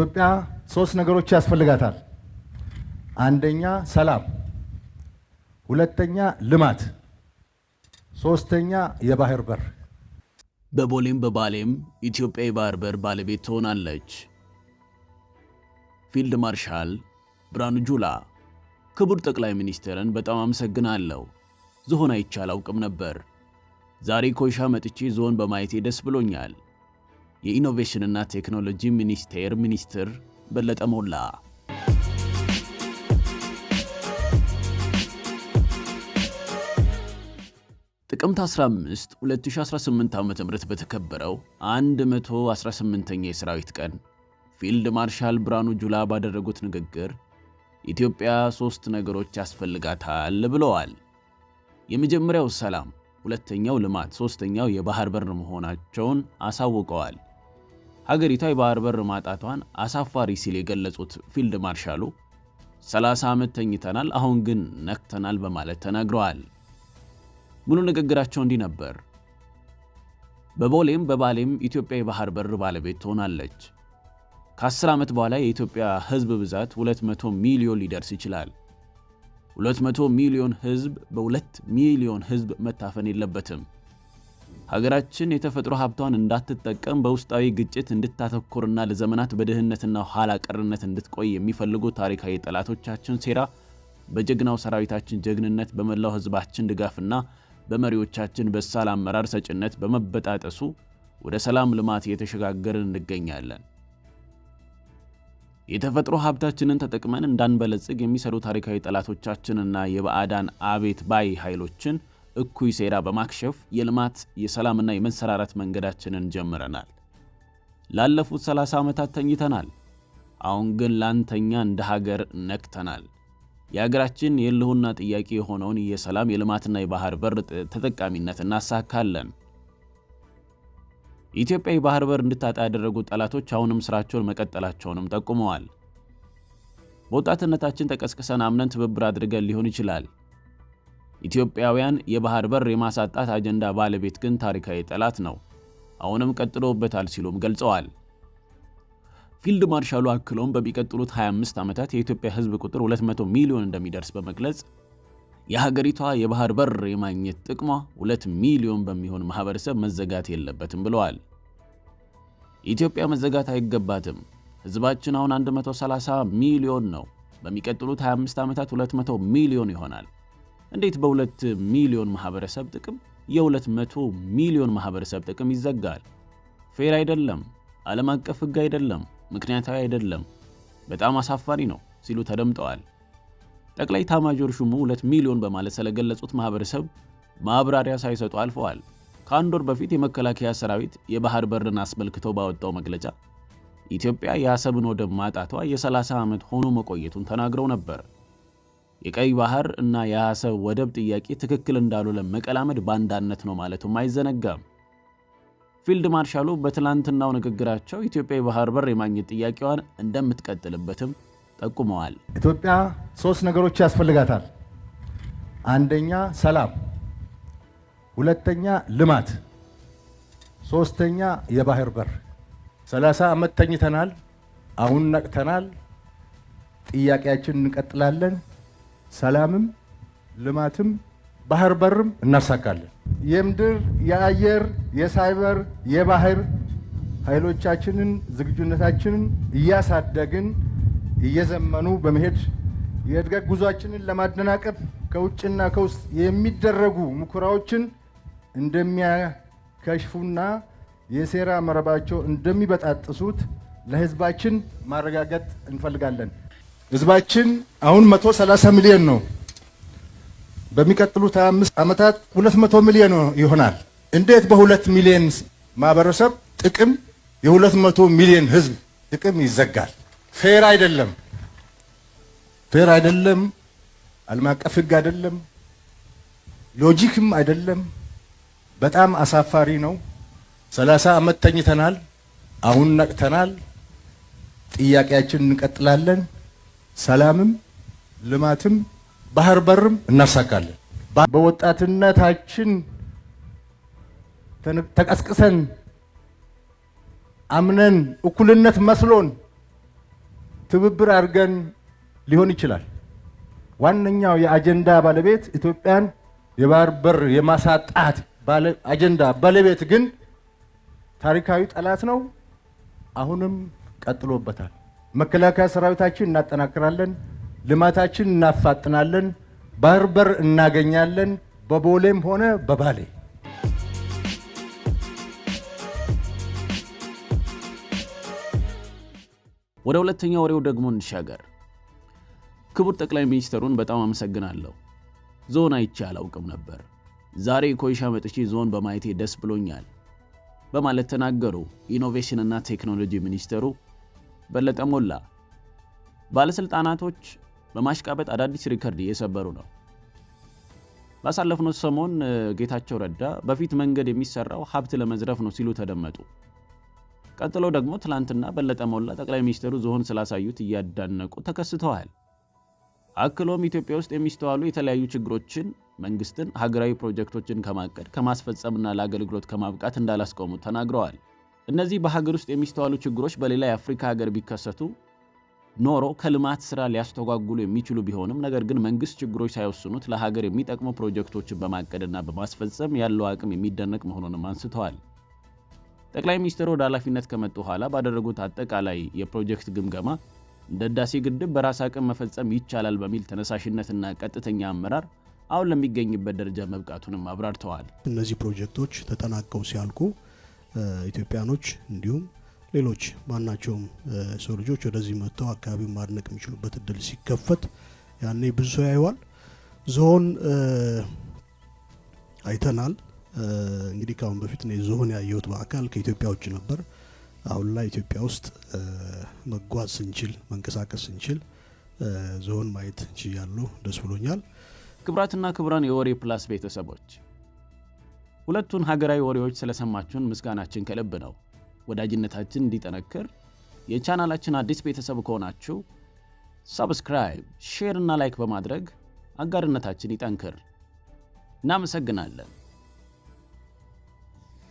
ኢትዮጵያ ሶስት ነገሮች ያስፈልጋታል። አንደኛ ሰላም፣ ሁለተኛ ልማት፣ ሶስተኛ የባህር በር። በቦሌም በባሌም ኢትዮጵያ የባህር በር ባለቤት ትሆናለች። ፊልድ ማርሻል ብርሃኑ ጁላ። ክቡር ጠቅላይ ሚኒስትርን በጣም አመሰግናለሁ። ዝሆን አይቼ አላውቅም ነበር። ዛሬ ኮይሻ መጥቼ ዝሆን በማየቴ ደስ ብሎኛል። የኢኖቬሽንና ቴክኖሎጂ ሚኒስቴር ሚኒስትር በለጠ ሞላ ጥቅምት 15 2018 ዓ.ም በተከበረው 118ኛ የሰራዊት ቀን ፊልድ ማርሻል ብርሃኑ ጁላ ባደረጉት ንግግር ኢትዮጵያ ሦስት ነገሮች ያስፈልጋታል ብለዋል። የመጀመሪያው ሰላም፣ ሁለተኛው ልማት፣ ሦስተኛው የባህር በር መሆናቸውን አሳውቀዋል። ሀገሪቷ የባህር በር ማጣቷን አሳፋሪ ሲል የገለጹት ፊልድ ማርሻሉ 30 ዓመት ተኝተናል፣ አሁን ግን ነክተናል በማለት ተናግረዋል። ሙሉ ንግግራቸው እንዲህ ነበር። በቦሌም በባሌም ኢትዮጵያ የባህር በር ባለቤት ትሆናለች። ከ10 ዓመት በኋላ የኢትዮጵያ ሕዝብ ብዛት 200 ሚሊዮን ሊደርስ ይችላል። 200 ሚሊዮን ሕዝብ በ2 ሚሊዮን ሕዝብ መታፈን የለበትም። ሀገራችን የተፈጥሮ ሀብቷን እንዳትጠቀም በውስጣዊ ግጭት እንድታተኮርና ለዘመናት በድህነትና ኋላ ቀርነት እንድትቆይ የሚፈልጉ ታሪካዊ ጠላቶቻችን ሴራ በጀግናው ሰራዊታችን ጀግንነት በመላው ህዝባችን ድጋፍና በመሪዎቻችን በሳል አመራር ሰጭነት በመበጣጠሱ ወደ ሰላም ልማት እየተሸጋገርን እንገኛለን። የተፈጥሮ ሀብታችንን ተጠቅመን እንዳንበለጽግ የሚሰሩ ታሪካዊ ጠላቶቻችንና የባዕዳን አቤት ባይ ኃይሎችን እኩይ ሴራ በማክሸፍ የልማት የሰላምና የመንሰራራት መንገዳችንን ጀምረናል። ላለፉት 30 ዓመታት ተኝተናል። አሁን ግን ላንተኛ እንደ ሀገር ነክተናል። የሀገራችን የልሁና ጥያቄ የሆነውን የሰላም የልማትና የባህር በር ተጠቃሚነት እናሳካለን። ኢትዮጵያ የባህር በር እንድታጣ ያደረጉት ጠላቶች አሁንም ስራቸውን መቀጠላቸውንም ጠቁመዋል። በወጣትነታችን ተቀስቅሰን አምነን ትብብር አድርገን ሊሆን ይችላል። ኢትዮጵያውያን የባህር በር የማሳጣት አጀንዳ ባለቤት ግን ታሪካዊ ጠላት ነው፣ አሁንም ቀጥሎበታል ሲሉም ገልጸዋል። ፊልድ ማርሻሉ አክሎም በሚቀጥሉት 25 ዓመታት የኢትዮጵያ ሕዝብ ቁጥር 200 ሚሊዮን እንደሚደርስ በመግለጽ የሀገሪቷ የባህር በር የማግኘት ጥቅሟ 2 ሚሊዮን በሚሆን ማህበረሰብ መዘጋት የለበትም ብለዋል። ኢትዮጵያ መዘጋት አይገባትም። ሕዝባችን አሁን 130 ሚሊዮን ነው። በሚቀጥሉት 25 ዓመታት 200 ሚሊዮን ይሆናል። እንዴት በሁለት ሚሊዮን ማህበረሰብ ጥቅም የሁለት መቶ ሚሊዮን ማህበረሰብ ጥቅም ይዘጋል? ፌር አይደለም፣ ዓለም አቀፍ ሕግ አይደለም፣ ምክንያታዊ አይደለም፣ በጣም አሳፋሪ ነው ሲሉ ተደምጠዋል። ጠቅላይ ታማጆር ሹሙ ሁለት ሚሊዮን በማለት ስለገለጹት ማህበረሰብ ማብራሪያ ሳይሰጡ አልፈዋል። ከአንድ ወር በፊት የመከላከያ ሰራዊት የባህር በርን አስመልክቶ ባወጣው መግለጫ ኢትዮጵያ የአሰብን ወደብ ማጣቷ የ30 ዓመት ሆኖ መቆየቱን ተናግረው ነበር። የቀይ ባህር እና የአሰብ ወደብ ጥያቄ ትክክል እንዳልሆነ መቀላመድ ባንዳነት ነው ማለቱም አይዘነጋም። ፊልድ ማርሻሉ በትላንትናው ንግግራቸው ኢትዮጵያ የባህር በር የማግኘት ጥያቄዋን እንደምትቀጥልበትም ጠቁመዋል። ኢትዮጵያ ሶስት ነገሮች ያስፈልጋታል። አንደኛ ሰላም፣ ሁለተኛ ልማት፣ ሶስተኛ የባህር በር። ሰላሳ ዓመት ተኝተናል። አሁን ነቅተናል። ጥያቄያችን እንቀጥላለን። ሰላምም ልማትም ባህር በርም እናሳካለን። የምድር የአየር፣ የሳይበር፣ የባህር ኃይሎቻችንን ዝግጁነታችንን እያሳደግን እየዘመኑ በመሄድ የእድገት ጉዟችንን ለማደናቀፍ ከውጭና ከውስጥ የሚደረጉ ሙከራዎችን እንደሚያከሽፉና የሴራ መረባቸው እንደሚበጣጥሱት ለሕዝባችን ማረጋገጥ እንፈልጋለን። ህዝባችን አሁን 130 ሚሊዮን ነው። በሚቀጥሉት አምስት ዓመታት 200 ሚሊዮን ይሆናል። እንዴት በ2 ሚሊዮን ማህበረሰብ ጥቅም የ200 ሚሊዮን ህዝብ ጥቅም ይዘጋል? ፌር አይደለም፣ ፌር አይደለም። ዓለም አቀፍ ህግ አይደለም፣ ሎጂክም አይደለም። በጣም አሳፋሪ ነው። 30 ዓመት ተኝተናል። አሁን ነቅተናል። ጥያቄያችን እንቀጥላለን። ሰላምም ልማትም ባህር በርም እናሳካለን። በወጣትነታችን ተቀስቅሰን አምነን እኩልነት መስሎን ትብብር አድርገን ሊሆን ይችላል። ዋነኛው የአጀንዳ ባለቤት ኢትዮጵያን የባህር በር የማሳጣት አጀንዳ ባለቤት ግን ታሪካዊ ጠላት ነው። አሁንም ቀጥሎበታል። መከላከያ ሰራዊታችን እናጠናክራለን፣ ልማታችን እናፋጥናለን፣ ባህር በር እናገኛለን፣ በቦሌም ሆነ በባሌ። ወደ ሁለተኛ ወሬው ደግሞ እንሻገር። ክቡር ጠቅላይ ሚኒስትሩን በጣም አመሰግናለሁ። ዞን አይቼ አላውቅም ነበር፣ ዛሬ ኮይሻ መጥቼ ዞን በማየቴ ደስ ብሎኛል በማለት ተናገሩ። ኢኖቬሽንና ቴክኖሎጂ ሚኒስትሩ በለጠ ሞላ ባለስልጣናቶች በማሽቃበጥ አዳዲስ ሪከርድ እየሰበሩ ነው። ባሳለፍነው ሰሞን ጌታቸው ረዳ በፊት መንገድ የሚሰራው ሀብት ለመዝረፍ ነው ሲሉ ተደመጡ። ቀጥሎ ደግሞ ትላንትና በለጠ ሞላ ጠቅላይ ሚኒስትሩ ዝሆን ስላሳዩት እያዳነቁ ተከስተዋል። አክሎም ኢትዮጵያ ውስጥ የሚስተዋሉ የተለያዩ ችግሮችን መንግስትን ሀገራዊ ፕሮጀክቶችን ከማቀድ ከማስፈጸምና ለአገልግሎት ከማብቃት እንዳላስቆሙ ተናግረዋል። እነዚህ በሀገር ውስጥ የሚስተዋሉ ችግሮች በሌላ የአፍሪካ ሀገር ቢከሰቱ ኖሮ ከልማት ስራ ሊያስተጓጉሉ የሚችሉ ቢሆንም ነገር ግን መንግስት ችግሮች ሳይወስኑት ለሀገር የሚጠቅሙ ፕሮጀክቶችን በማቀድና በማስፈጸም ያለው አቅም የሚደነቅ መሆኑንም አንስተዋል። ጠቅላይ ሚኒስትሩ ወደ ኃላፊነት ከመጡ ኋላ ባደረጉት አጠቃላይ የፕሮጀክት ግምገማ እንደ ህዳሴ ግድብ በራስ አቅም መፈጸም ይቻላል በሚል ተነሳሽነትና ቀጥተኛ አመራር አሁን ለሚገኝበት ደረጃ መብቃቱንም አብራርተዋል። እነዚህ ፕሮጀክቶች ተጠናቀው ሲያልቁ ኢትዮጵያኖች እንዲሁም ሌሎች ማናቸውም ሰው ልጆች ወደዚህ መጥተው አካባቢውን ማድነቅ የሚችሉበት እድል ሲከፈት ያኔ ብዙ ሰው ያየዋል። ዝሆን አይተናል። እንግዲህ ከአሁን በፊት እኔ ዝሆን ያየሁት በአካል ከኢትዮጵያ ውጭ ነበር። አሁን ላይ ኢትዮጵያ ውስጥ መጓዝ ስንችል መንቀሳቀስ ስንችል ዝሆን ማየት ችያለሁ። ደስ ብሎኛል። ክብራትና ክብራን የወሬ ፕላስ ቤተሰቦች ሁለቱን ሀገራዊ ወሬዎች ስለሰማችሁን ምስጋናችን ከልብ ነው። ወዳጅነታችን እንዲጠነክር የቻናላችን አዲስ ቤተሰብ ከሆናችሁ ሰብስክራይብ፣ ሼር እና ላይክ በማድረግ አጋርነታችን ይጠንክር። እናመሰግናለን።